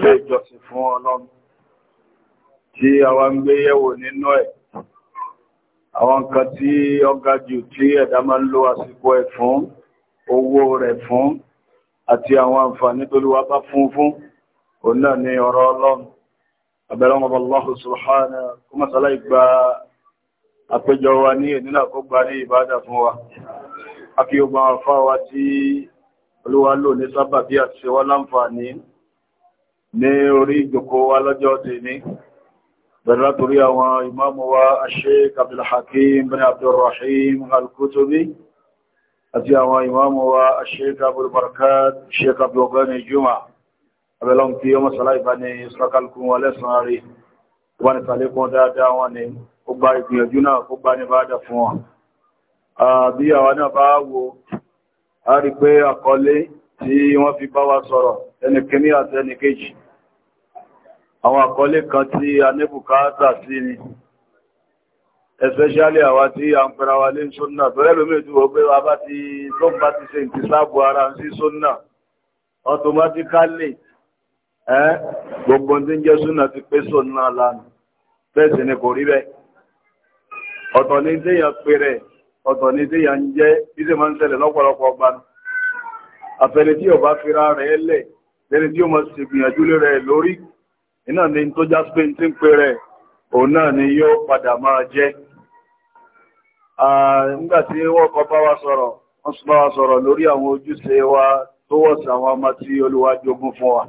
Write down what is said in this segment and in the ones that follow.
ilé ìjọsìn fún ọlọ́run tí àwa ń gbé yẹ̀wò nínú ẹ̀ àwọn nǹkan tí ó ga jù tí ẹ̀dá máa ń lo àsìkò ẹ̀ fún owó rẹ̀ fún àti àwọn àǹfààní tó lè wá bá fún fún òun náà ni ọ̀rọ̀ ọlọ́run abẹ́rẹ́ wọn bá lọ́hùn sùlùhánà kó mọ́sálá ìgbà àpéjọ wa ní ìdínà kó gba ní ìbádà fún wa a kí ó gba àwọn afáwa tí olúwa lò ní sábàbí àti ṣe wá láǹfààní ní orí ìjòkó wa lọ́jọ́ ti ní bẹ̀rẹ̀ látorí àwọn ìmáàmù wa Sheikh Abdul Hakim bin Abdul Rahim Al-Kutubi àti àwọn ìmáàmù wa Sheikh Abdul Barakat Sheikh Abdul Ghani Juma abẹ́lọ́n kí ọmọ sọ́lá ìbáni sọ́kàlùkún wa lẹ́sàn rí wọ́n ni sàlékún dáadáa wọn ni ó gba ìgbìyànjú náà bá wa sọ̀rọ̀ ẹnikẹ́ni àti ẹnìkejì àwọn àkọlé kan tí a ní bùkátà sí ni especially àwa tí a ń pẹ̀rẹ̀ wa lé sọ́nà tọ́rẹ́ lómi ìdúró pé wa bá ti tó ń bá ti ṣe ìtì sáàbù ara ń sí sọ́nà automatically ẹ́ gbogbo tí ń jẹ́ sọ́nà ti pé sọ́nà lánàá bẹ́ẹ̀ sì ni kò rí bẹ́ẹ̀ ọ̀tọ̀ ní téèyàn pè rẹ̀ ọ̀tọ̀ ní téèyàn jẹ́ bí sì máa ń ṣẹlẹ̀ lọ́pọ̀lọpọ̀ ọgbà àfẹni tí fira rẹ̀ lẹ̀ lórí iná ni tó já sí pé tí ń pè rẹ̀ òun náà ni yóò padà máa jẹ́ nígbàtí wọ́n kọ bá wa sọ̀rọ̀ wọ́n sì bá wa sọ̀rọ̀ lórí àwọn ojúṣe wa tó wọ́sí àwọn ọmọ tí Olúwa jogún fún wa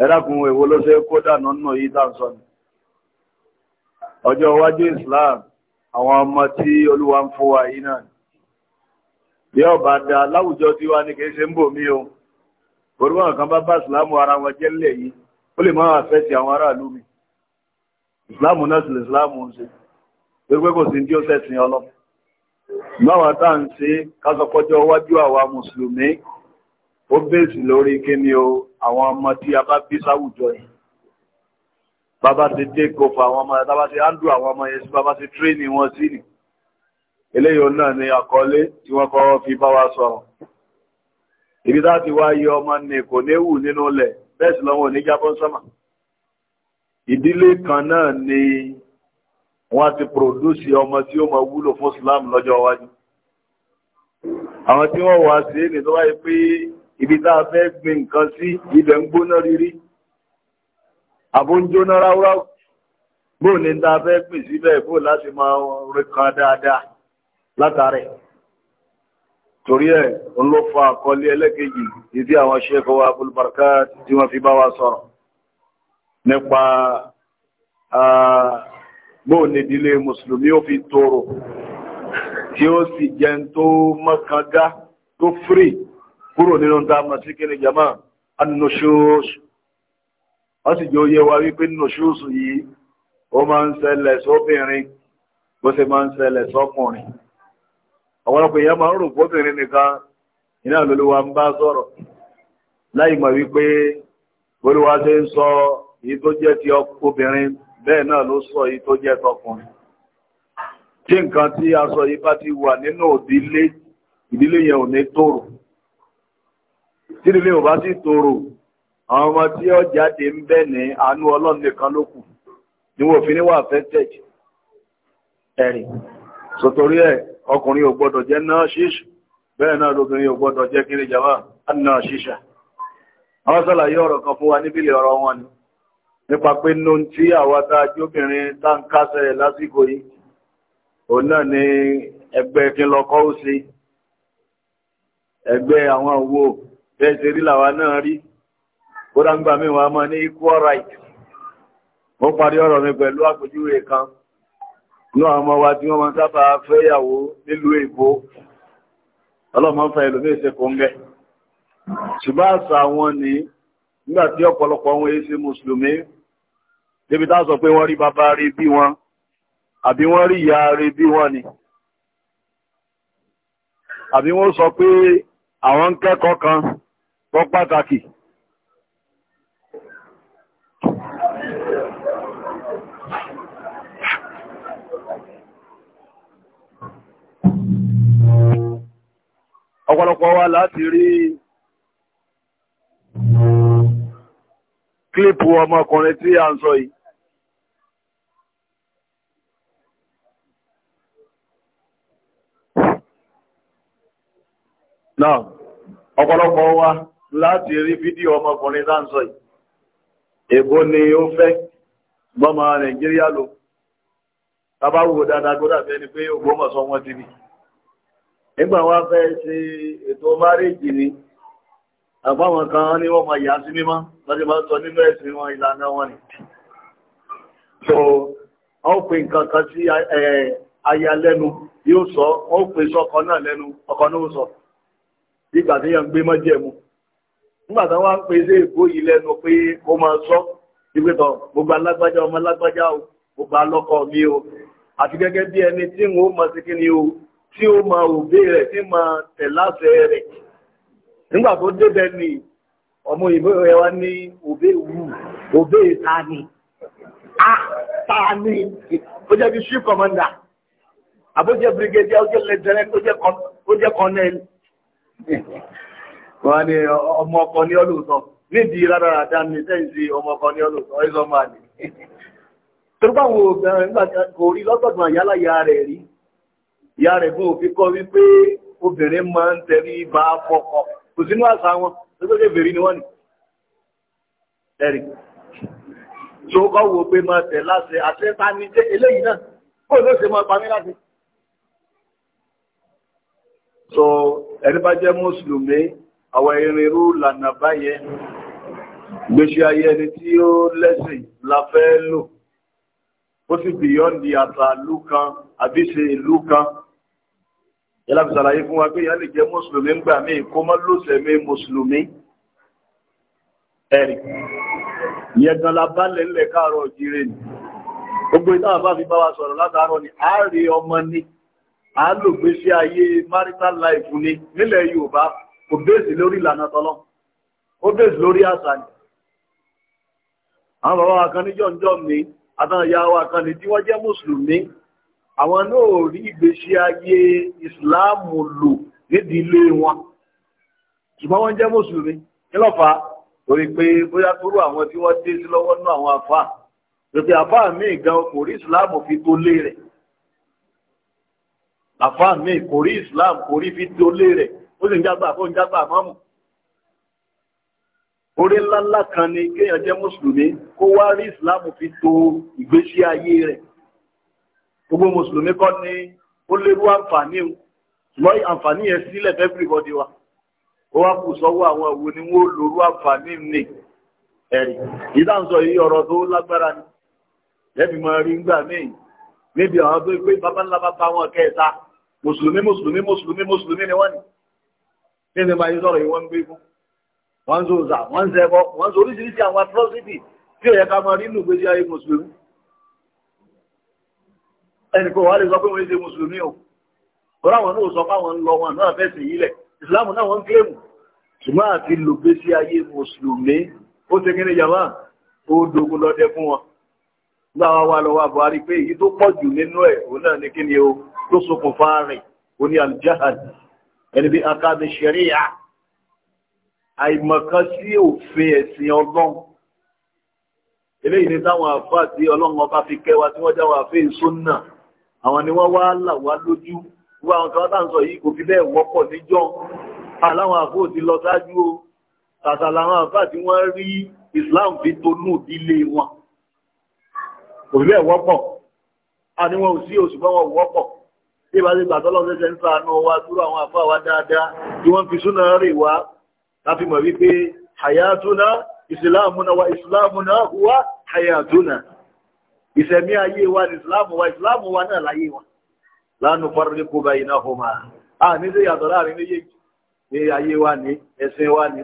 ẹ̀rákùn èwo ló ṣe kó dànù nù yìí dáńsọ ni ọjọ́ iwájú Islam àwọn ọmọ tí Olúwa ń fún wa yìí náà yóò bá da láwùjọ tí wá ní kìí ṣe ń bò mí o orúkọ kan bá bá Islam ara wọn jẹ́ lẹ̀ yìí ó lè máa àfẹ́tì àwọn aráàlú mi ìsìláàmù náà sì lè ìsìláàmù ń ṣe pé kò sí ní ó sẹ́sìn ọlọ́ báwa tá à ń ṣe kásọpọ́jọ́ iwájú àwa mùsùlùmí ó bèèsì lórí kí ni o àwọn ọmọ tí a bá bí sáwùjọ yìí bàbá ti dé kópa àwọn ọmọ yẹn bàbá ti áńdù àwọn ọmọ yẹn sí bàbá ti tírínì wọn sí ni eléyìí náà ni àkọlé tí wọ́n kọ́ fi bá wa sọ̀rọ̀ ibi tá ti wá yọ ọmọ ni kò nínú ilẹ̀ bẹ́ẹ̀ sì lọ́wọ́ ní jábọ́ sọ́mà ìdílé kan náà ni wọ́n ti pòròdúsì ọmọ tí ó máa wúlò fún Islam lọ́jọ́ iwájú àwọn tí wọ́n wà sí ní tó wáyé pé ibi tá a fẹ́ gbin nǹkan sí ibẹ̀ ń gbóná rírí àbójóná ráúráú bóò ní tá a fẹ́ gbìn síbẹ̀ bóò láti máa rí kan dáadáa látàrí torí ẹ̀ òun ló fa àkọlé ẹlẹ́kejì ìdí àwọn ṣẹ́kọ̀ wa Abul Barakat tí wọ́n fi bá wa sọ̀rọ̀ nípa gbóòní ìdílé mùsùlùmí ó fi tòrò tí ó sì jẹ́ tó mọ́kànga tó fírí kúrò nínú dámà sí kíni jama anúṣóṣù wọ́n sì jẹ́ oyé wa wípé nínúṣóṣù yìí ó máa ń ṣẹlẹ̀ sóbìnrin bó ṣe máa ń ṣẹlẹ̀ sọ́kùnrin àwọn ọkọ̀ èèyàn máa ń rò fóbìnrin nìkan iná lóluwa ń bá sọ̀rọ̀ láì mọ̀ wípé olúwa ṣe ń sọ èyí tó jẹ́ ti obìnrin bẹ́ẹ̀ náà ló sọ èyí tó jẹ́ tọkùnrin tí nǹkan tí a sọ yìí bá ti wà nínú ìdílé ìdílé yẹn ò ní tòrò tí ìdílé ò bá sì tòrò àwọn ọmọ tí ó jáde ń bẹ ní àánú ọlọ́run nìkan ló kù ni wọ́n fi níwà fẹ́ tẹ̀jì ẹ̀rìn sọ̀tòrí ẹ̀ ọkùnrin ò gbọ́dọ̀ jẹ́ náà ṣíṣù bẹ́ẹ̀ náà lóbìnrin ò gbọ́dọ̀ jẹ́ kiri jama náà ṣíṣà àwọn sọ́làyé ọ̀rọ̀ kan fún wa níbílẹ̀ ọ̀rọ̀ wọn ni nípa pé nínú tí àwátá jóbìnrin táǹkásẹ̀ lásìkò yìí òun náà ni ẹgbẹ́ kí lọ kan ní àwọn ọmọ wa tí wọ́n máa sábà fẹ́yàwó nílùú èkó ọlọ́mọ ń fa ẹlòmí ìṣe kóńgẹ́ ṣùgbọ́n àṣà wọn ni nígbà tí ọ̀pọ̀lọpọ̀ wọn èé ṣe mùsùlùmí débi tá a sọ pé wọ́n rí bàbá rí bí wọn àbí wọ́n rí ìyá rí bí wọn ni àbí wọ́n sọ pé àwọn kẹ́kọ̀ọ́ kan tó pàtàkì ọ̀pọ̀lọpọ̀ wa láti rí kílípù ọmọkùnrin tí a ń sọ yìí náà ọ̀pọ̀lọpọ̀ wa láti rí fídíò ọmọkùnrin tá ń sọ yìí èbó ni ó fẹ́ gbọ́mọ Nàìjíríà lò tàbá wò dáadáa gbọ́dà fẹ́ ni pé ògbómọ̀ṣọ́ wọn ti ní nígbà wá fẹ́ ṣe ètò márèjì ni àbáwọn kan ní wọ́n máa yà sí mímọ́ láti máa sọ nínú ẹ̀sìn wọn ìlànà wọn ni so wọ́n pè nǹkan kan sí aya lẹ́nu yóò sọ wọ́n pè sọ́kọ náà lẹ́nu ọkọ náà sọ nígbà tí yàn gbé mọ́jẹ̀mú nígbà tí wọ́n pè sí èkó yìí lẹ́nu pé kó máa sọ ìgbẹ́tọ̀ gbogbo alágbájá ọmọ alágbájá o gbogbo alọ́kọ mi o àti gẹ́gẹ́ bí ẹni tí ń ó mọ̀ sí kí ni o tí ó máa òbí rẹ̀ tí máa tẹ̀ láṣẹ rẹ̀ nígbà tó débẹ̀ ni ọmọ ìbò rẹ̀ wá ní òbí wù òbí ta ni a ta ni ó jẹ́ bí chief commander àbójẹ́ brigadier ó jẹ́ ó jẹ́ colonel wọ́n ní ọmọ ọkọ ní ọlọ́ọ̀tọ̀ nídìí rárára ní sẹ́yìnsì ọmọ ọkọ ní máa ní. nígbà kò rí rẹ̀ rí ìyá rẹ̀ bó fi kọ́ wípé obìnrin máa ń tẹrí ba fọkọ kò sínú àṣà wọn lọ́sọ̀kẹ́ bèrè ni wọ́n ní. ẹ̀rì tó kọ́ wo pé máa tẹ̀ láṣẹ àti ẹ̀ta jẹ́ eléyìí náà kó ló ṣe máa pa mí láti. so ẹni bá jẹ́ mùsùlùmí àwọn irinrú lànà báyẹn gbèsè ayé ẹni tí ó lẹ́sìn la fẹ́ lò ó sì bìyọ́ndì àtàlù kan àbí ṣe ìlú kan yálà fi ṣàlàyé fún wa pé ìyá lè jẹ́ mùsùlùmí ń gbà míì kó mọ́ lóṣèmí mùsùlùmí ẹ̀rì ìyẹn gan la bá lẹ̀ ńlẹ̀ káàárọ̀ jíire ni gbogbo ìtawà bá fi bá wa sọ̀rọ̀ látàárọ̀ ni a rí ọmọ ni a lò gbé sí ayé marital life ni nílẹ̀ Yorùbá kò bẹ́ẹ̀sì lórí ìlànà tọ́lọ́ ó bẹ́ẹ̀sì lórí àṣà ni àwọn bàbá wa kan ní jọ̀ǹjọ̀ mi àtàwọn ìyá wa kan ní tí wọ́n jẹ́ mùsùlùmí àwọn náà rí ìgbésí ayé ìsìláàmù lò nídìí ilé wọn ṣùgbọ́n wọ́n jẹ́ mùsùlùmí kí ló fà á torí pé bóyá tóró àwọn tí wọ́n dé sí lọ́wọ́ náà àwọn àfà tòkè àfà míì gan kò rí ìsìláàmù fi tó lé rẹ̀ àfà míì kò rí ìsìláàmù kò rí fi tó lé rẹ̀ ó sì ń jágbà fún jágbà mọ́mù orí ńláńlá kan ni kéèyàn jẹ́ mùsùlùmí kó wá rí ìsìláàmù fi tó ìgbésí ayé rẹ̀ gbogbo mùsùlùmí kọ́ ni ó léwu àǹfààní o ṣùgbọ́n àǹfààní yẹn sílẹ̀ everybody wa ó wá kù sọ́wọ́ àwọn ìwo ni wọ́n lòrú àǹfààní nì ẹ̀rì ìdáǹsọ yìí ọ̀rọ̀ tó lágbára ni lẹ́bi mọ rí ngbà míì níbi àwọn tó pé bàbá ńlá bá bá wọn kẹta mùsùlùmí mùsùlùmí mùsùlùmí mùsùlùmí ni wọ́n ní níbi máa yí sọ̀rọ̀ yìí wọ́n ń gbé fún wọ́n ń sọ òòsà wọ́n ń sẹ́bọ̀ wọ́n ń àwọn atrocity tí ò yẹ ká mọ rí nù ayé mùsùlùmí ẹnìkan wà lè sọ pé wọ́n ṣe mùsùlùmí o bọ́lá wọn náà sọ pé àwọn ń lọ wọn náà fẹ́sẹ̀ yìí lẹ̀ ìsìláàmù náà wọ́n ń kílèmù ṣùgbọ́n àti lògbé sí ayé mùsùlùmí ó ṣe kíni yàrá ó dogun lọ́dẹ fún wọn nígbà wa wà lọ́wọ́ Buhari pé èyí tó pọ̀ jù nínú ẹ̀ òun náà ní kíni o tó ṣokùnfà rìn ó ní aljahad ẹni bí akáde ṣẹ̀ríyà àìmọ̀kan sí òfin ẹ̀sìn ọlọ́run eléyìí ni táwọn àfáà tí ọlọ́run ọba fi kẹwàá tí wọ́n jáwọ́ àfẹ́ ìsúná náà àwọn ni wọ́n wá là wá lójú wọ́n àwọn kan tá ń sọ yìí kò fi bẹ́ẹ̀ wọ́pọ̀ níjọ́ aláwọn àfó ti lọ ṣáájú o tàtà làwọn àfá tí wọ́n rí Islam fi tonú ìdílé wọn kò fi bẹ́ẹ̀ wọ́pọ̀ a ní wọn ò sí oṣù bá wọn wọ́pọ̀ tí ìbá ti gbà tọ́lọ́ ṣẹ̀ṣẹ̀ ń sàánú wa dúró àwọn àfá wa dáadáa tí wọ́n fi súnà rè wá láti mọ̀ wípé hayatuna islamuna wa islamuna huwa hayatuna ìṣẹ̀mí ayé wa ní ìsìláàmù wa ìsìláàmù wa náà láyé wa lánàá fọ́rọ̀ ní kó báyìí náà fún ma a ní sí yàtọ̀ láàrin méjèèjì ní ayé wa ní ẹ̀sìn wa ní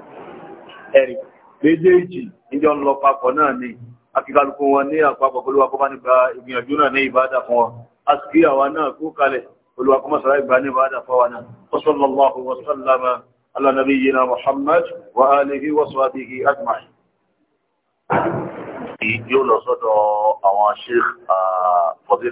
ẹ̀rì méjèèjì níjọ ń lọ papọ̀ náà ní akíkalùkù wọn ní àpapọ̀ olúwa kó bá ní gba ìgbìyànjú náà ní ìbádà fún wọn a sì kí àwa náà kú kalẹ̀ olúwa kó ìgbà ní ìbádà fún wa náà wa sallallahu yóò lọ sọ́dọ̀ àwọn sheikh ah,